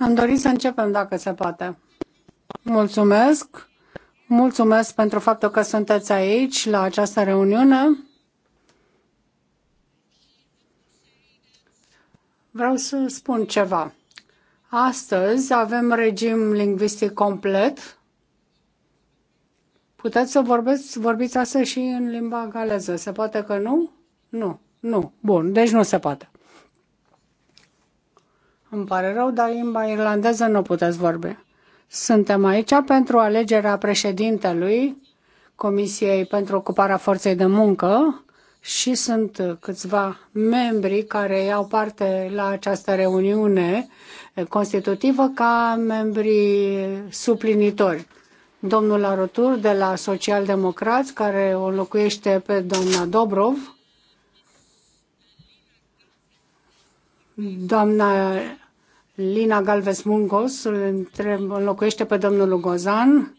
Am dorit să începem, dacă se poate. Mulțumesc. Mulțumesc pentru faptul că sunteți aici la această reuniune. Vreau să spun ceva. Astăzi avem regim lingvistic complet. Puteți să vorbeți, vorbiți astăzi și în limba galeză. Se poate că nu? Nu, nu. Bun, deci nu se poate. Îmi pare rău, dar limba irlandeză nu puteți vorbi. Suntem aici pentru alegerea președintelui Comisiei pentru Ocuparea Forței de Muncă și sunt câțiva membri care iau parte la această reuniune constitutivă ca membri suplinitori. Domnul Arotur de la Socialdemocrați, care o locuiește pe doamna Dobrov, doamna Lina Galvez Mungos îl întreb, înlocuiește pe domnul Lugozan.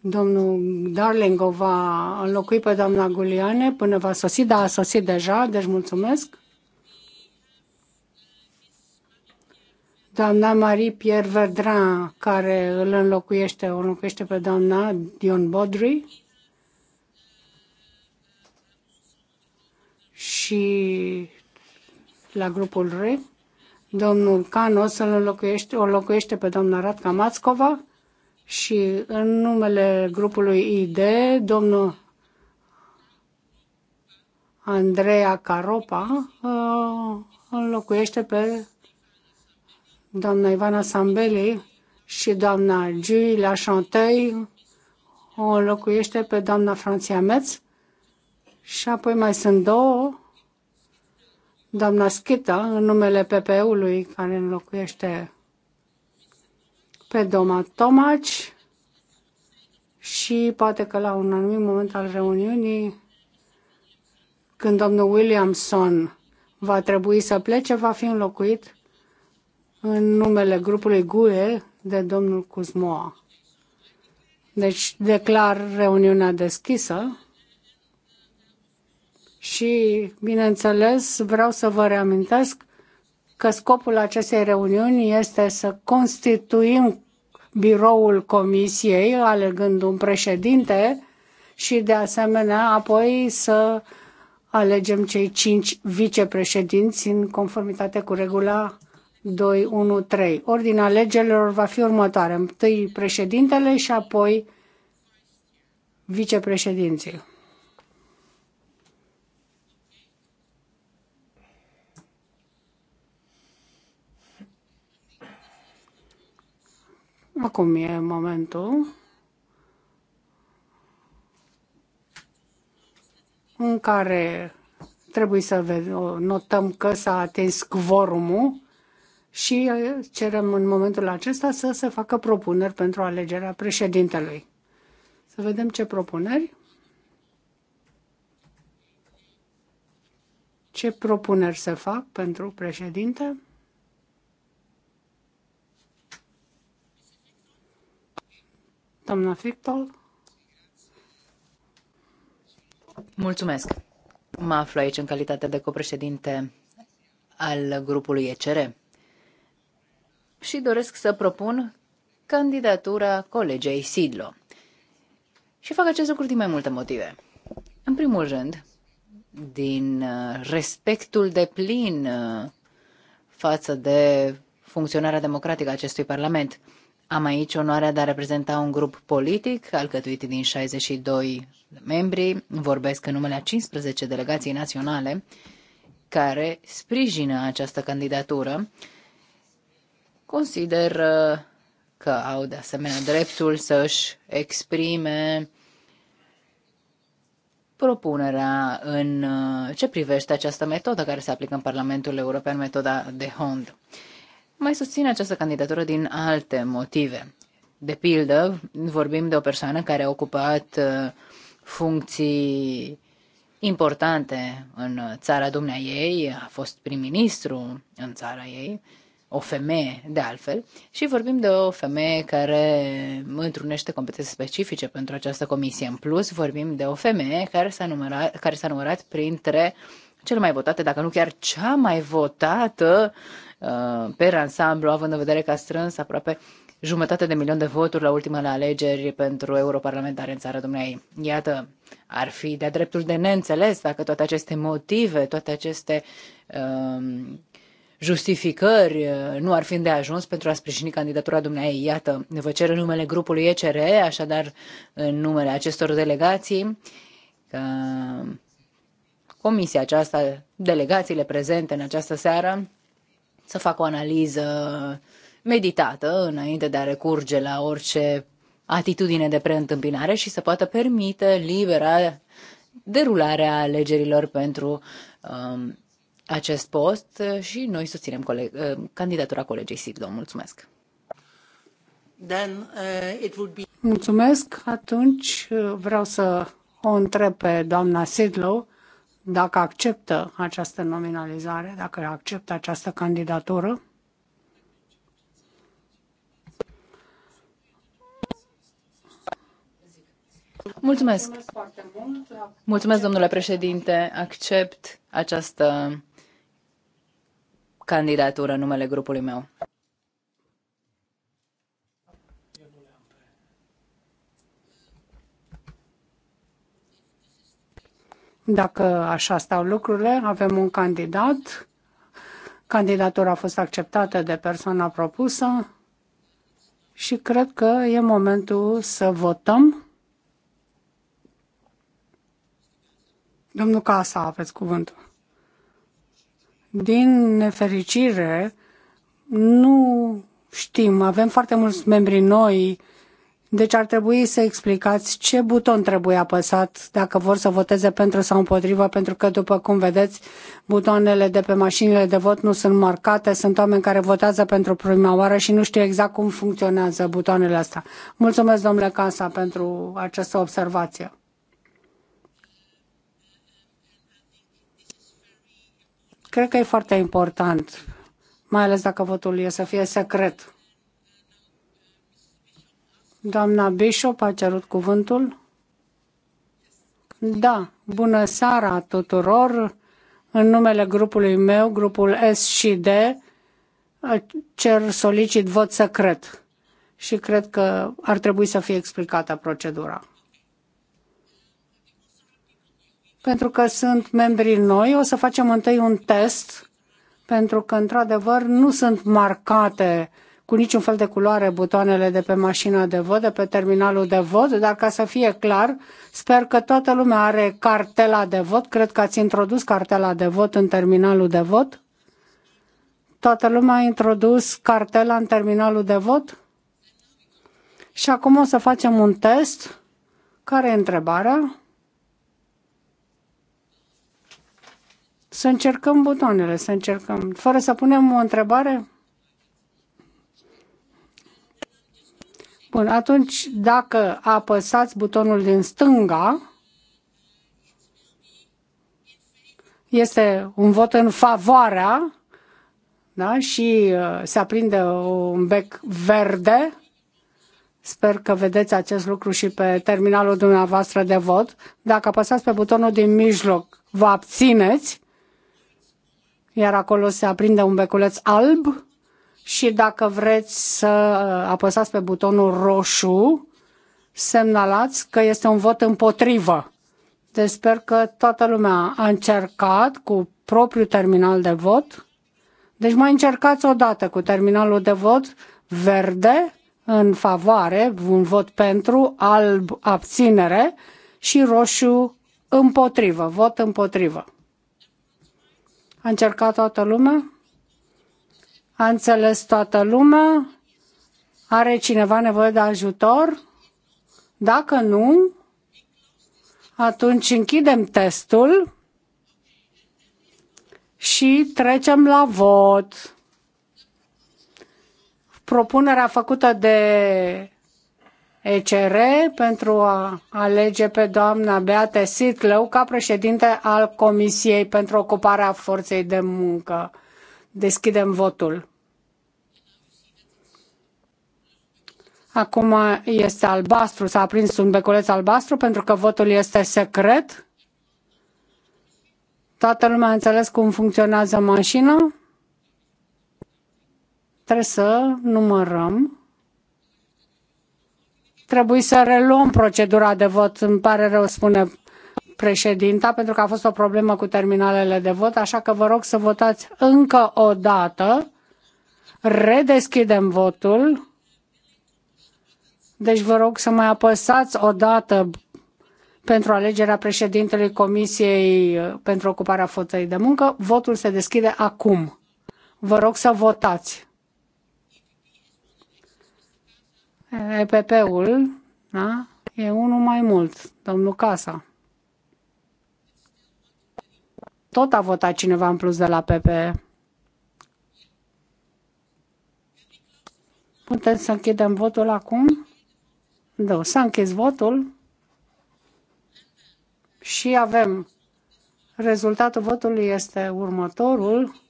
Domnul o va înlocui pe doamna Guliane până va sosi, dar a sosit deja, deci mulțumesc. Doamna Marie-Pierre Verdran, care îl înlocuiește, o înlocuiește pe doamna Dion Bodri. Și la grupul Re. Domnul Can o să-l înlocuiește, o locuiește pe doamna Radka Mațcova și în numele grupului ID, domnul Andreea Caropa ă, înlocuiește pe doamna Ivana Sambeli și doamna Julie Chantei o înlocuiește pe doamna Franția Metz și apoi mai sunt două doamna Schita, în numele PPE-ului care înlocuiește pe Doma Tomaci și poate că la un anumit moment al reuniunii, când domnul Williamson va trebui să plece, va fi înlocuit în numele grupului GUE de domnul Cuzmoa. Deci declar reuniunea deschisă. Și, bineînțeles, vreau să vă reamintesc că scopul acestei reuniuni este să constituim biroul comisiei, alegând un președinte și, de asemenea, apoi să alegem cei cinci vicepreședinți în conformitate cu regula 213. Ordinea alegerilor va fi următoare. Întâi președintele și apoi vicepreședinții. Acum e momentul în care trebuie să notăm că s-a atins quorumul și cerem în momentul acesta să se facă propuneri pentru alegerea președintelui. Să vedem ce propuneri. Ce propuneri se fac pentru președinte? Doamna Frictol? Mulțumesc. Mă aflu aici în calitate de copreședinte al grupului ECR și doresc să propun candidatura colegei Sidlo. Și fac acest lucru din mai multe motive. În primul rând, din uh, respectul de plin uh, față de funcționarea democratică a acestui Parlament – am aici onoarea de a reprezenta un grup politic alcătuit din 62 membri, vorbesc în numele a 15 delegații naționale care sprijină această candidatură. Consider uh, că au de asemenea dreptul să își exprime propunerea în uh, ce privește această metodă care se aplică în Parlamentul European, metoda de Hond mai susțin această candidatură din alte motive. De pildă, vorbim de o persoană care a ocupat uh, funcții importante în țara dumnea ei, a fost prim-ministru în țara ei, o femeie de altfel, și vorbim de o femeie care întrunește competențe specifice pentru această comisie. În plus, vorbim de o femeie care s-a numărat, care s-a numărat printre cele mai votate, dacă nu chiar cea mai votată Uh, per ansamblu, având în vedere că a strâns aproape jumătate de milion de voturi la ultimele alegeri pentru europarlamentare în țara dumneai. Iată, ar fi de-a dreptul de neînțeles dacă toate aceste motive, toate aceste um, justificări uh, nu ar fi de ajuns pentru a sprijini candidatura dumneai. Iată, vă cer în numele grupului ECR, așadar în numele acestor delegații, că comisia aceasta, delegațiile prezente în această seară, să fac o analiză meditată înainte de a recurge la orice atitudine de preîntâmpinare și să poată permite libera derularea alegerilor pentru um, acest post și noi susținem coleg- uh, candidatura colegei Sigdo. Mulțumesc! Then, uh, it would be... Mulțumesc! Atunci uh, vreau să o întreb pe doamna Siglo dacă acceptă această nominalizare, dacă acceptă această candidatură. Mulțumesc. Mulțumesc, domnule președinte. Accept această candidatură în numele grupului meu. Dacă așa stau lucrurile, avem un candidat. Candidatura a fost acceptată de persoana propusă și cred că e momentul să votăm. Domnul Casa, aveți cuvântul. Din nefericire, nu știm, avem foarte mulți membri noi deci ar trebui să explicați ce buton trebuie apăsat dacă vor să voteze pentru sau împotriva, pentru că, după cum vedeți, butoanele de pe mașinile de vot nu sunt marcate. Sunt oameni care votează pentru prima oară și nu știu exact cum funcționează butoanele astea. Mulțumesc, domnule Casa, pentru această observație. Cred că e foarte important, mai ales dacă votul e să fie secret. Doamna Bishop a cerut cuvântul. Da, bună seara tuturor. În numele grupului meu, grupul S și D, cer solicit vot secret și cred că ar trebui să fie explicată procedura. Pentru că sunt membrii noi, o să facem întâi un test, pentru că, într-adevăr, nu sunt marcate uh, cu niciun fel de culoare butoanele de pe mașina de vot, de pe terminalul de vot, dar ca să fie clar, sper că toată lumea are cartela de vot. Cred că ați introdus cartela de vot în terminalul de vot. Toată lumea a introdus cartela în terminalul de vot. Și acum o să facem un test. Care e întrebarea? Să încercăm butoanele, să încercăm. Fără să punem o întrebare? Bun, atunci dacă apăsați butonul din stânga, este un vot în favoarea da? și uh, se aprinde un bec verde. Sper că vedeți acest lucru și pe terminalul dumneavoastră de vot. Dacă apăsați pe butonul din mijloc, vă abțineți, iar acolo se aprinde un beculeț alb și dacă vreți să uh, apăsați pe butonul roșu, semnalați că este un vot împotrivă. Deci sper că toată lumea a încercat cu propriul terminal de vot. Deci mai încercați o dată cu terminalul de vot verde în favoare, un vot pentru, alb abținere și roșu împotrivă, vot împotrivă. A încercat toată lumea? A înțeles toată lumea? Are cineva nevoie de ajutor? Dacă nu, atunci închidem testul și trecem la vot. Propunerea făcută de ECR pentru a alege pe doamna Beate Sitlău ca președinte al Comisiei pentru Ocuparea Forței de Muncă. Deschidem votul. Acum este albastru, s-a aprins un beculeț albastru pentru că votul este secret. Toată lumea a înțeles cum funcționează mașina. Trebuie să numărăm. Trebuie să reluăm procedura de vot, îmi pare rău, spune președinta pentru că a fost o problemă cu terminalele de vot, așa că vă rog să votați încă o dată. Redeschidem votul. Deci vă rog să mai apăsați o dată pentru alegerea președintelui Comisiei uh, pentru ocuparea forței de muncă. Votul se deschide acum. Vă rog să votați. EPP-ul da? e unul mai mult, domnul Casa. Tot a votat cineva în plus de la PP. Putem să închidem votul acum? Da, s-a închis votul și avem rezultatul votului este următorul.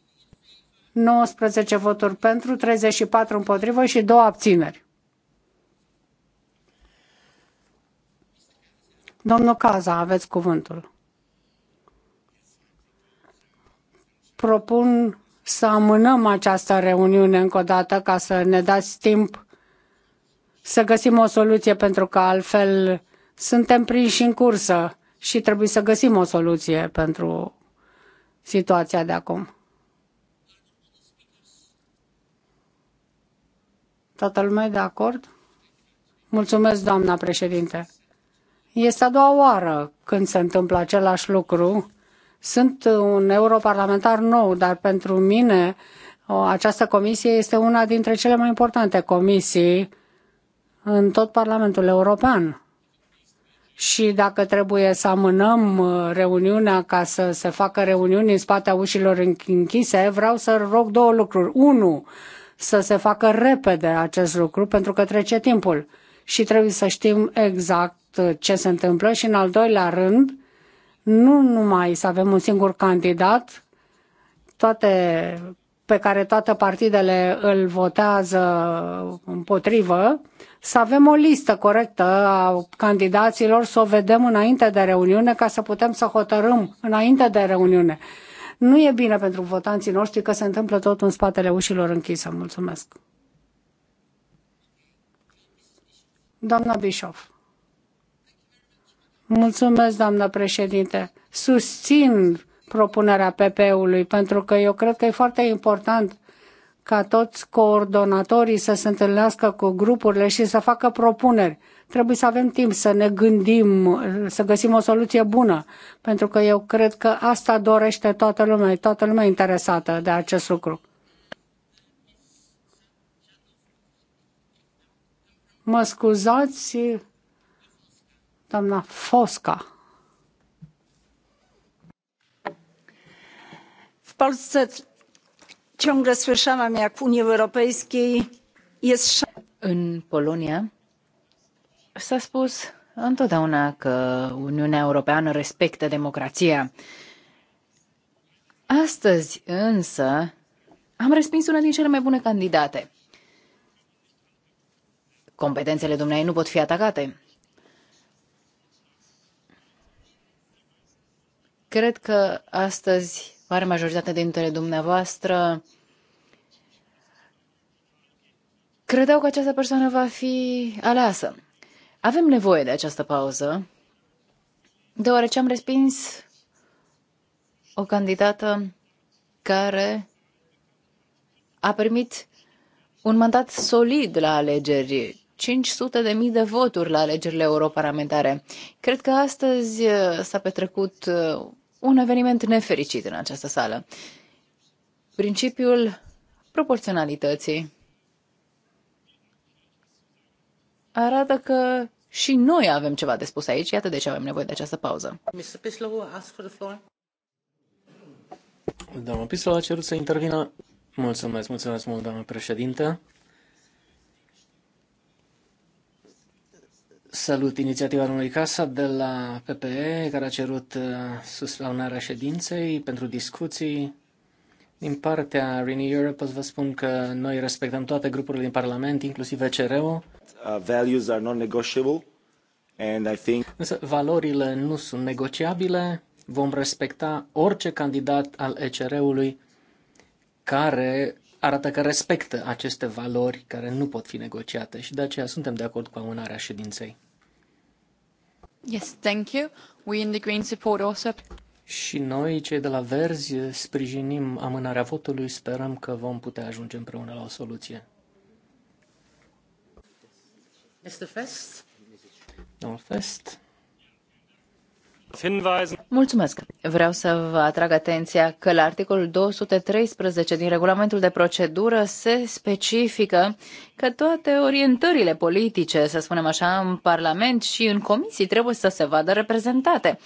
19 voturi pentru, 34 împotrivă și 2 abțineri. Domnul Caza, aveți cuvântul. propun să amânăm această reuniune încă o dată ca să ne dați timp să găsim o soluție pentru că altfel suntem prinși în cursă și trebuie să găsim o soluție pentru situația de acum. Toată lumea de acord? Mulțumesc, doamna președinte. Este a doua oară când se întâmplă același lucru sunt un europarlamentar nou, dar pentru mine această comisie este una dintre cele mai importante comisii în tot Parlamentul European. Și dacă trebuie să amânăm uh, reuniunea ca să se facă reuniuni în spatea ușilor închise, vreau să rog două lucruri. Unu, să se facă repede acest lucru pentru că trece timpul și trebuie să știm exact uh, ce se întâmplă și în al doilea rând nu numai să avem un singur candidat, toate, pe care toate partidele îl votează împotrivă, să avem o listă corectă a candidaților, să o vedem înainte de reuniune ca să putem să hotărâm înainte de reuniune. Nu e bine pentru votanții noștri că se întâmplă tot în spatele ușilor închise. Mulțumesc. Doamna Bischoff. Mulțumesc, doamnă președinte. Susțin propunerea PP-ului pentru că eu cred că e foarte important ca toți coordonatorii să se întâlnească cu grupurile și să facă propuneri. Trebuie să avem timp să ne gândim, să găsim o soluție bună, pentru că eu cred că asta dorește toată lumea, toată lumea interesată de acest lucru. Mă scuzați, Doamna Fosca. W Polsce ciągle słyszałam, jak w Unii Europejskiej jest. În Polonia s-a spus întotdeauna că Uniunea Europeană respectă democrația. Astăzi, însă, am respins una din cele mai bune candidate. Competențele dumneai nu pot fi atacate. Cred că astăzi mare majoritate dintre dumneavoastră credeau că această persoană va fi aleasă. Avem nevoie de această pauză, deoarece am respins o candidată care a primit un mandat solid la alegeri, 500 de mii de voturi la alegerile europarlamentare. Cred că astăzi s-a petrecut un eveniment nefericit în această sală. Principiul proporționalității arată că și noi avem ceva de spus aici, iată de ce avem nevoie de această pauză. Doamna Pislau a cerut să intervină. Mulțumesc, mulțumesc mult, doamnă președinte. Salut inițiativa domnului Casa de la PPE, care a cerut uh, suspendarea ședinței pentru discuții. Din partea Renew Europe vă spun că noi respectăm toate grupurile din Parlament, inclusiv ECR-ul. Uh, values are non-negotiable and I think... Însă valorile nu sunt negociabile. Vom respecta orice candidat al ECR-ului care arată că respectă aceste valori care nu pot fi negociate și de aceea suntem de acord cu amânarea ședinței. Yes, thank you. We in the Green support also. Și noi, cei de la Verzi, sprijinim amânarea votului, sperăm că vom putea ajunge împreună la o soluție. Mr. Fest. Domnul Fest. Mulțumesc. Vreau să vă atrag atenția că la articolul 213 din regulamentul de procedură se specifică că toate orientările politice, să spunem așa, în Parlament și în comisii trebuie să se vadă reprezentate.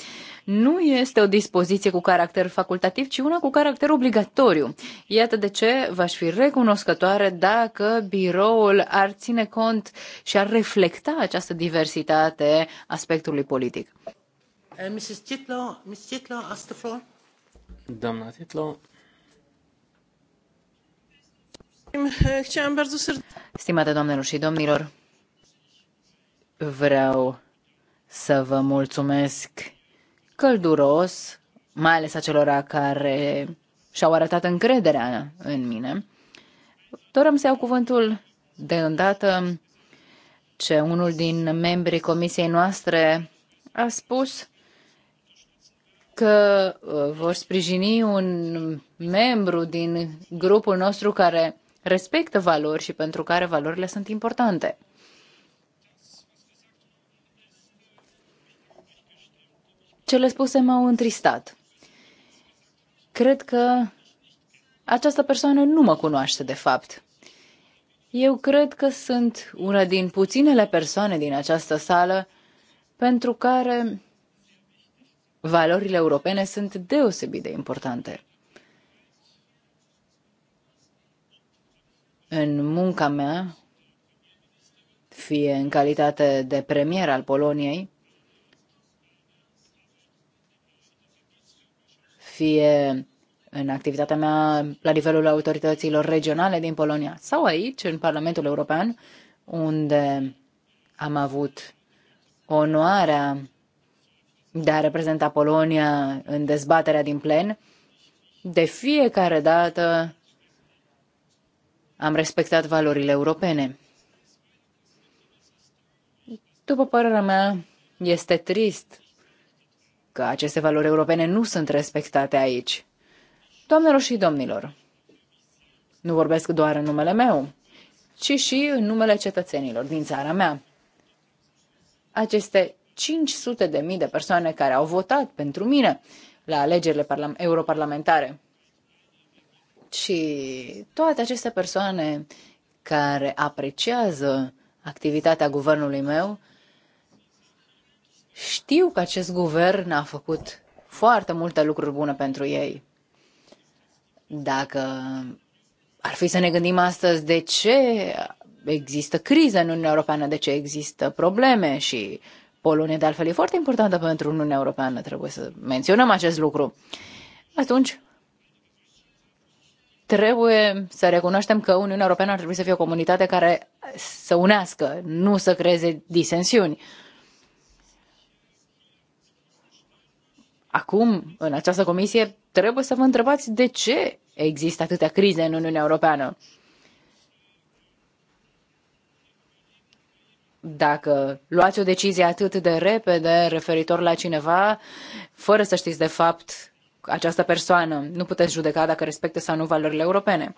Nu este o dispoziție cu caracter facultativ, ci una cu caracter obligatoriu. Iată de ce v-aș fi recunoscătoare dacă biroul ar ține cont și ar reflecta această diversitate aspectului politic. Eh, Mrs. Titlow, Mrs. Titlow, ask the floor. Doamna Titlow. Eh, Stimate doamnelor și domnilor, vreau să vă mulțumesc călduros, mai ales acelora care și-au arătat încrederea în mine. Doream să iau cuvântul de îndată ce unul din membrii comisiei noastre a spus că uh, vor sprijini un membru din grupul nostru care respectă valori și pentru care valorile sunt importante. Cele spuse m-au întristat. Cred că această persoană nu mă cunoaște de fapt. Eu cred că sunt una din puținele persoane din această sală pentru care valorile europene sunt deosebit de importante. În munca mea, fie în calitate de premier al Poloniei, fie în activitatea mea la nivelul autorităților regionale din Polonia sau aici, în Parlamentul European, unde am avut onoarea de a reprezenta Polonia în dezbaterea din plen, de fiecare dată am respectat valorile europene. După părerea mea, este trist că aceste valori europene nu sunt respectate aici. Doamnelor și domnilor, nu vorbesc doar în numele meu, ci și în numele cetățenilor din țara mea. Aceste 500 de mii de persoane care au votat pentru mine la alegerile europarlamentare. Și toate aceste persoane care apreciază activitatea guvernului meu știu că acest guvern a făcut foarte multe lucruri bune pentru ei. Dacă ar fi să ne gândim astăzi de ce există criză în Uniunea Europeană, de ce există probleme și Polonia, de altfel, e foarte importantă pentru Uniunea Europeană, trebuie să menționăm acest lucru. Atunci, trebuie să recunoaștem că Uniunea Europeană ar trebui să fie o comunitate care să unească, nu să creeze disensiuni. Acum, în această comisie, trebuie să vă întrebați de ce există atâtea crize în Uniunea Europeană. dacă luați o decizie atât de repede referitor la cineva, fără să știți de fapt această persoană, nu puteți judeca dacă respectă sau nu valorile europene.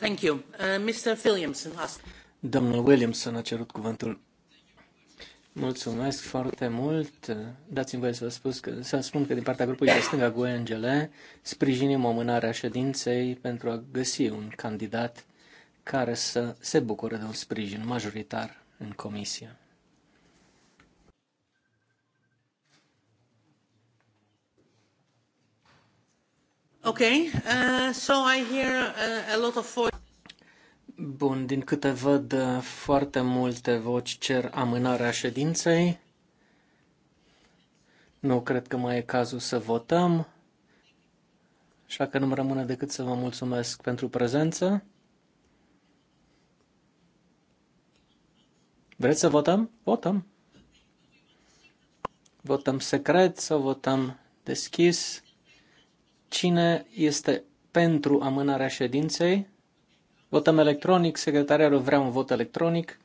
Thank you. Uh, Mr. Williamson Domnul Williamson a cerut cuvântul. Mulțumesc foarte mult. Dați-mi voie să vă spus că, să spun că din partea grupului de stânga GUNGL sprijinim omânarea ședinței pentru a găsi un candidat care să se bucure de un sprijin majoritar în comisie. Okay, uh, so I hear uh, a lot of Bun, din câte văd, foarte multe voci cer amânarea ședinței. Nu cred că mai e cazul să votăm, așa că nu-mi rămâne decât să vă mulțumesc pentru prezență. Vreți să votăm? Votăm. Votăm secret sau votăm deschis? Cine este pentru amânarea ședinței? Votăm electronic. Secretariatul vrea un vot electronic.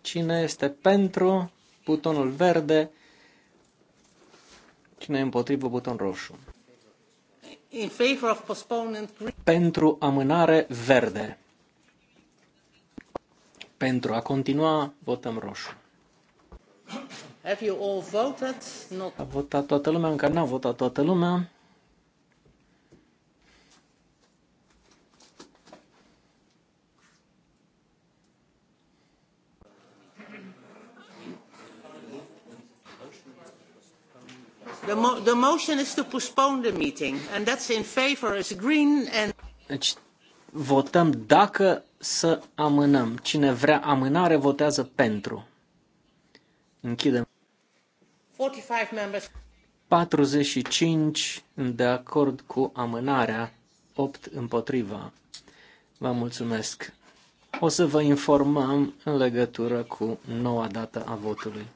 Cine este pentru butonul verde? Cine e împotrivă buton roșu? In favor of postponement... Pentru amânare verde. Pentru a continua, votăm roșu. Have you all voted? Not... A votat toată lumea, încă n-a votat toată lumea. The, motion is to postpone the meeting and that's in favor is green and Deci votăm dacă să amânăm. Cine vrea amânare votează pentru. Închidem. 45 members 45 de acord cu amânarea, 8 împotriva. Vă mulțumesc. O să vă informăm în legătură cu noua dată a votului.